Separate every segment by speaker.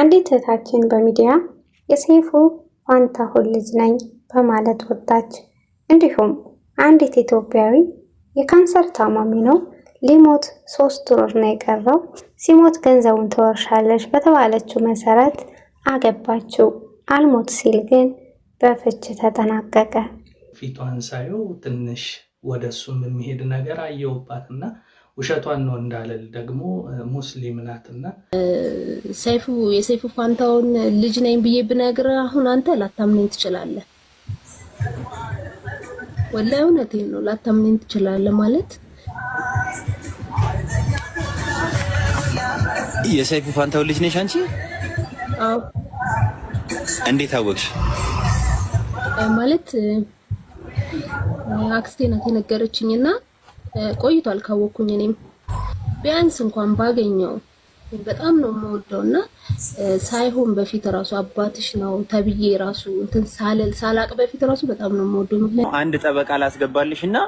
Speaker 1: አንዲት እህታችን በሚዲያ የሰይፉ ፋንታሁን ልጅ ነኝ በማለት ወጣች። እንዲሁም አንዲት ኢትዮጵያዊ የካንሰር ታማሚ ነው ሊሞት ሶስት ወር ነው የቀረው፣ ሲሞት ገንዘቡን ትወርሻለች በተባለችው መሰረት አገባችው። አልሞት ሲል ግን በፍች ተጠናቀቀ።
Speaker 2: ፊቷን ሳየው ትንሽ ወደሱም የሚሄድ ነገር አየውባትና ውሸቷን ነው እንዳለል ደግሞ ሙስሊም
Speaker 1: ናትና ሰይፉ የሰይፉ ፋንታውን ልጅ ነኝ ብዬ ብነግር አሁን አንተ ላታምነኝ ትችላለህ። ወላሂ እውነቴን ነው ላታምነኝ ትችላለህ ማለት
Speaker 2: የሰይፉ ፋንታውን ልጅ ነሽ አንቺ? አዎ። እንዴት አወቅሽ?
Speaker 1: ማለት አክስቴ ናት የነገረችኝና ቆይቷል ካወኩኝ እኔም ቢያንስ እንኳን ባገኘው በጣም ነው የምወደው እና ሳይሆን በፊት ራሱ አባትሽ ነው ተብዬ ራሱ እንትን ሳለል ሳላቅ በፊት ራሱ በጣም ነው የምወደው። ምክንያቱም
Speaker 2: አንድ ጠበቃ ላስገባልሽ እና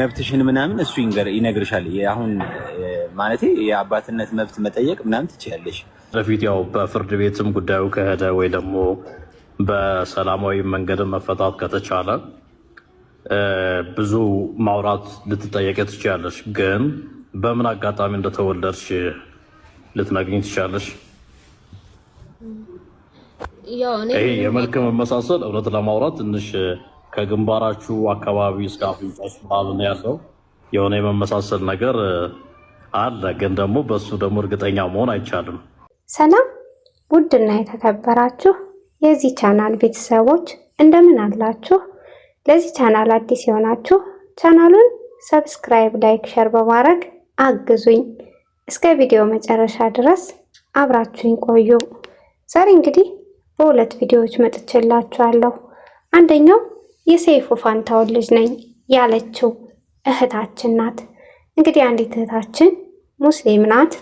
Speaker 2: መብትሽን ምናምን እሱ ይነግርሻል። አሁን ማለት የአባትነት መብት መጠየቅ ምናምን ትችያለሽ። በፊት ያው በፍርድ ቤትም ጉዳዩ ከሄደ ወይ ደግሞ በሰላማዊ መንገድ መፈታት ከተቻለ ብዙ ማውራት ልትጠየቅ ትችላለች ግን በምን አጋጣሚ እንደተወለድሽ ልትነግኝ ትችላለሽ። ይሄ የመልክ መመሳሰል እውነት ለማውራት ትንሽ ከግንባራችሁ አካባቢ እስከ አፍንጫችሁ ምናምን ያለው የሆነ የመመሳሰል ነገር አለ፣ ግን ደግሞ በሱ ደግሞ እርግጠኛ መሆን አይቻልም።
Speaker 1: ሰላም ውድና የተከበራችሁ የዚህ ቻናል ቤተሰቦች እንደምን አላችሁ? ለዚህ ቻናል አዲስ የሆናችሁ ቻናሉን ሰብስክራይብ፣ ላይክ፣ ሸር በማድረግ አግዙኝ። እስከ ቪዲዮ መጨረሻ ድረስ አብራችሁኝ ቆዩ። ዛሬ እንግዲህ በሁለት ቪዲዮዎች መጥቼላችኋለሁ። አንደኛው የሰይፉ ፋንታውን ልጅ ነኝ ያለችው እህታችን ናት። እንግዲህ አንዲት እህታችን ሙስሊም ናት።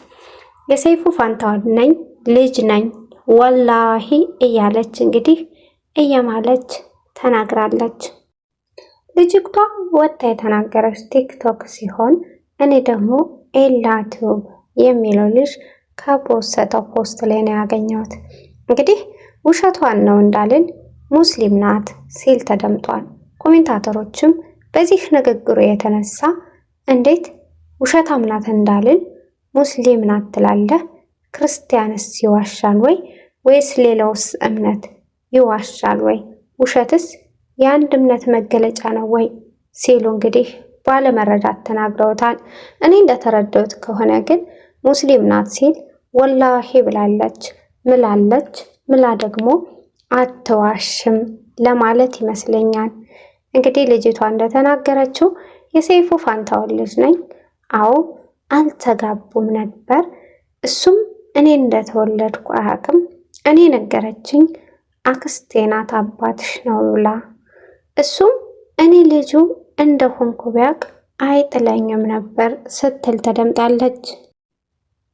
Speaker 1: የሰይፉ ፋንታውን ነኝ ልጅ ነኝ ወላሂ እያለች እንግዲህ እየማለች ተናግራለች። ልጅቷ ወጥታ የተናገረች ቲክቶክ ሲሆን እኔ ደግሞ ኤላቲዩብ የሚለው ልጅ ከፖሰተው ፖስት ላይ ነው ያገኘሁት። እንግዲህ ውሸቷን ነው እንዳልን ሙስሊም ናት ሲል ተደምጧል። ኮሜንታተሮችም በዚህ ንግግሩ የተነሳ እንዴት ውሸታም ናት እንዳልን ሙስሊም ናት ትላለህ? ክርስቲያንስ ይዋሻል ወይ? ወይስ ሌላውስ እምነት ይዋሻል ወይ? ውሸትስ የአንድ እምነት መገለጫ ነው ወይ ሲሉ እንግዲህ ባለመረዳት ተናግረውታል። እኔ እንደተረዳሁት ከሆነ ግን ሙስሊም ናት ሲል ወላሂ ብላለች፣ ምላለች፣ ምላ ደግሞ አትዋሽም ለማለት ይመስለኛል። እንግዲህ ልጅቷ እንደተናገረችው የሰይፉ ፋንታውን ልጅ ነኝ፣ አዎ አልተጋቡም ነበር። እሱም እኔ እንደተወለድኩ አያውቅም። እኔ ነገረችኝ አክስቴ ናት አባትሽ ነው ብላ እሱም እኔ ልጁ እንደሆንኩ ቢያውቅ አይጥለኝም ነበር ስትል ተደምጣለች።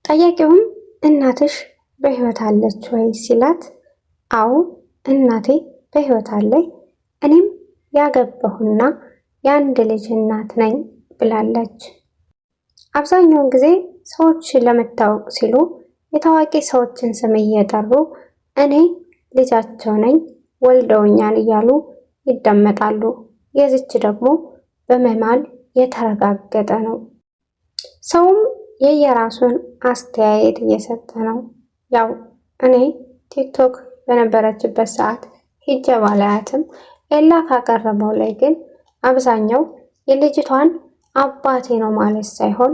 Speaker 1: ጠያቂውም እናትሽ በህይወት አለች ወይ ሲላት፣ አዎ እናቴ በህይወት አለች እኔም ያገባሁና የአንድ ልጅ እናት ነኝ ብላለች። አብዛኛውን ጊዜ ሰዎች ለመታወቅ ሲሉ የታዋቂ ሰዎችን ስም እየጠሩ እኔ ልጃቸው ነኝ ወልደውኛል እያሉ ይደመጣሉ! የዚች ደግሞ በመማል የተረጋገጠ ነው። ሰውም የየራሱን አስተያየት እየሰጠ ነው። ያው እኔ ቲክቶክ በነበረችበት ሰዓት ሂጄ ባላያትም ኤላ ካቀረበው ላይ ግን አብዛኛው የልጅቷን አባቴ ነው ማለት ሳይሆን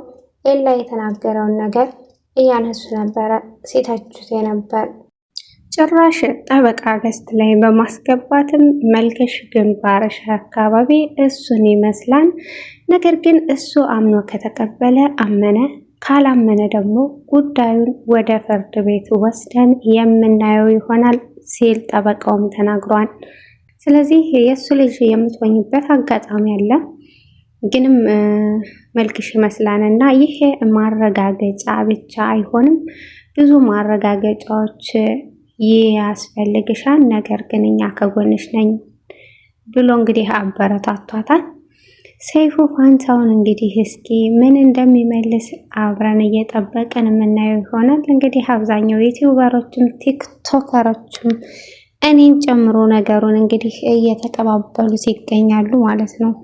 Speaker 1: ኤላ የተናገረውን ነገር እያነሱ ነበረ ሲተቹት ነበር። ጭራሽ ጠበቃ ገስት ላይ በማስገባትም መልከሽ ግንባርሽ አካባቢ እሱን ይመስላል። ነገር ግን እሱ አምኖ ከተቀበለ አመነ፣ ካላመነ ደግሞ ጉዳዩን ወደ ፍርድ ቤት ወስደን የምናየው ይሆናል ሲል ጠበቃውም ተናግሯል። ስለዚህ የእሱ ልጅ የምትሆኝበት አጋጣሚ አለ ግንም መልክሽ ይመስላን እና ይሄ ማረጋገጫ ብቻ አይሆንም፣ ብዙ ማረጋገጫዎች ያስፈልግሻል፣ ነገር ግን እኛ ከጎንሽ ነኝ ብሎ እንግዲህ አበረታቷታል። ሰይፉ ፋንታውን እንግዲህ እስኪ ምን እንደሚመልስ አብረን እየጠበቅን የምናየው ይሆናል። እንግዲህ አብዛኛው ዩቲዩበሮችም ቲክቶከሮችም እኔን ጨምሮ ነገሩን እንግዲህ እየተቀባበሉት ይገኛሉ ማለት ነው።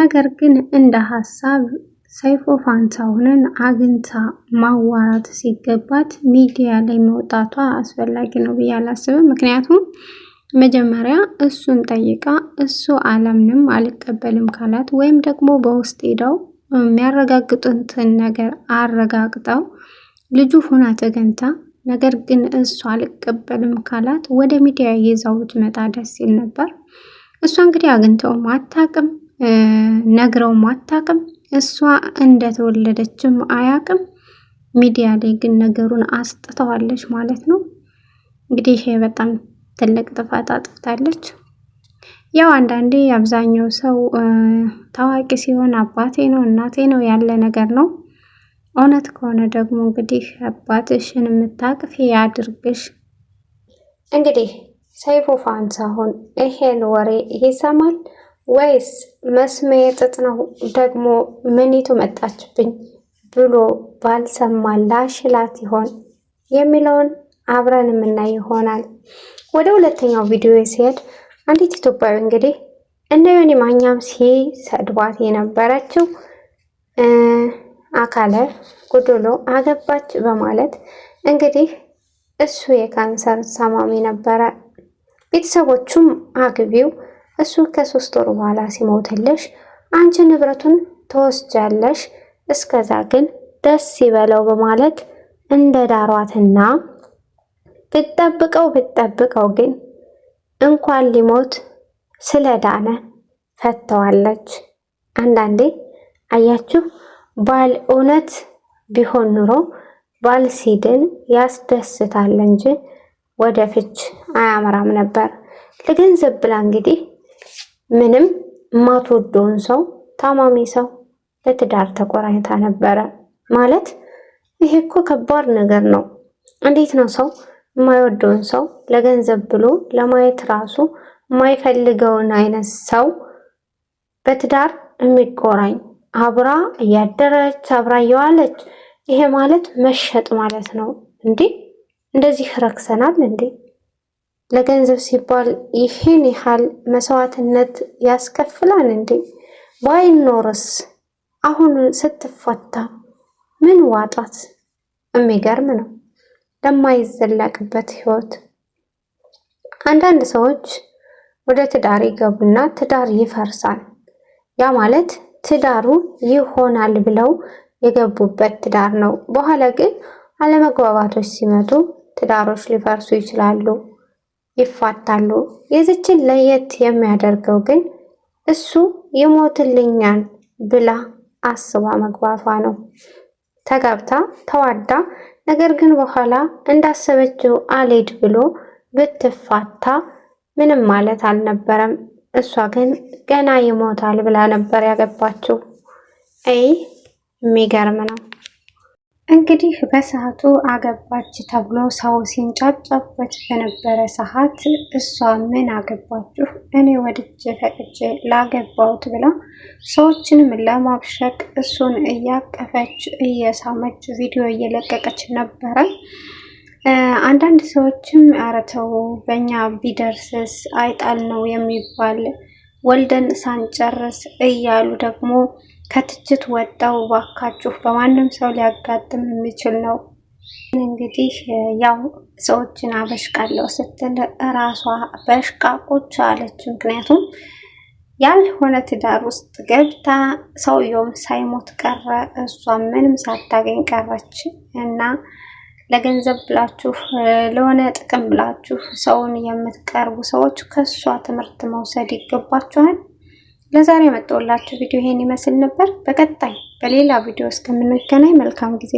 Speaker 1: ነገር ግን እንደ ሀሳብ ሰይፉ ፋንታሁንን አግኝታ ማዋራት ሲገባት ሚዲያ ላይ መውጣቷ አስፈላጊ ነው ብዬ አላስብም። ምክንያቱም መጀመሪያ እሱን ጠይቃ እሱ አላምንም አልቀበልም ካላት ወይም ደግሞ በውስጥ ሄደው የሚያረጋግጡትን ነገር አረጋግጠው ልጁ ሁና ተገንታ ነገር ግን እሱ አልቀበልም ካላት ወደ ሚዲያ ይዛው ብትመጣ ደስ ይል ነበር። እሷ እንግዲህ አግኝተውም አታውቅም። ነግረውም አታውቅም። እሷ እንደተወለደችም አያቅም ሚዲያ ላይ ግን ነገሩን አስጥተዋለች ማለት ነው። እንግዲህ ይሄ በጣም ትልቅ ጥፋት አጥፍታለች። ያው አንዳንዴ አብዛኛው ሰው ታዋቂ ሲሆን አባቴ ነው እናቴ ነው ያለ ነገር ነው። እውነት ከሆነ ደግሞ እንግዲህ አባትሽን የምታቅፍ ያድርግሽ። እንግዲህ ሰይፉ ፋንታሁን ይሄን ወሬ ይሰማል። ወይስ መስሜ ጥጥ ነው ደግሞ ምኒቱ መጣችብኝ ብሎ ባልሰማ ላሽላት ይሆን የሚለውን አብረን የምናይ ይሆናል። ወደ ሁለተኛው ቪዲዮ ሲሄድ አንዲት ኢትዮጵያዊ እንግዲህ እነ ዮኒ ማኛም ሲሰድባት የነበረችው አካለ ጎዶሎ አገባች በማለት እንግዲህ እሱ የካንሰር ታማሚ ነበረ። ቤተሰቦቹም አግቢው እሱ ከሶስት ወር በኋላ ሲሞትልሽ አንቺ ንብረቱን ተወስጃለሽ፣ እስከዛ ግን ደስ ይበለው በማለት እንደ ዳሯትና ብጠብቀው ብጠብቀው ግን እንኳን ሊሞት ስለዳነ ፈተዋለች። አንዳንዴ አያችሁ ባል እውነት ቢሆን ኑሮ ባል ሲድን ያስደስታል እንጂ ወደ ፍች አያምራም ነበር። ለገንዘብ ብላ እንግዲህ ምንም ማትወደውን ሰው ታማሚ ሰው ለትዳር ተቆራኝታ ነበረ። ማለት ይሄ እኮ ከባድ ነገር ነው። እንዴት ነው ሰው የማይወደውን ሰው ለገንዘብ ብሎ ለማየት ራሱ የማይፈልገውን አይነት ሰው በትዳር የሚቆራኝ አብራ እያደረች አብራ እየዋለች ይሄ ማለት መሸጥ ማለት ነው እንዴ! እንደዚህ ረክሰናል እንዴ! ለገንዘብ ሲባል ይህን ያህል መስዋዕትነት ያስከፍላል እንዴ? ባይኖርስ አሁን ስትፈታ ምን ዋጣት? የሚገርም ነው። ለማይዘለቅበት ህይወት አንዳንድ ሰዎች ወደ ትዳር ይገቡና ትዳር ይፈርሳል። ያ ማለት ትዳሩ ይሆናል ብለው የገቡበት ትዳር ነው። በኋላ ግን አለመግባባቶች ሲመጡ ትዳሮች ሊፈርሱ ይችላሉ። ይፋታሉ። የዚችን ለየት የሚያደርገው ግን እሱ ይሞትልኛል ብላ አስባ መግባቷ ነው። ተጋብታ ተዋዳ፣ ነገር ግን በኋላ እንዳሰበችው አሌድ ብሎ ብትፋታ ምንም ማለት አልነበረም። እሷ ግን ገና ይሞታል ብላ ነበር ያገባችው። አይ የሚገርም ነው። እንግዲህ በሰዓቱ አገባች ተብሎ ሰው ሲንጫጫበት በነበረ ሰዓት እሷ ምን አገባችሁ እኔ ወድጄ ፈቅጄ ላገባሁት ብላ ሰዎችንም ለማብሸቅ እሱን እያቀፈች እየሳመች ቪዲዮ እየለቀቀች ነበረ። አንዳንድ ሰዎችም ኧረ ተው በእኛ ቢደርስስ አይጣል ነው የሚባል ወልደን ሳንጨርስ እያሉ ደግሞ ከትችት ወጣው ባካችሁ፣ በማንም ሰው ሊያጋጥም የሚችል ነው። እንግዲህ ያው ሰዎችን አበሽቃለሁ ስትል እራሷ በሽቃቆች አለች። ምክንያቱም ያልሆነ ትዳር ውስጥ ገብታ ሰውየውም ሳይሞት ቀረ፣ እሷ ምንም ሳታገኝ ቀረች እና ለገንዘብ ብላችሁ ለሆነ ጥቅም ብላችሁ ሰውን የምትቀርቡ ሰዎች ከእሷ ትምህርት መውሰድ ይገባችኋል። ለዛሬ መጣሁላችሁ ቪዲዮ ይሄን ይመስል ነበር። በቀጣይ በሌላ ቪዲዮ እስከምንገናኝ መልካም ጊዜ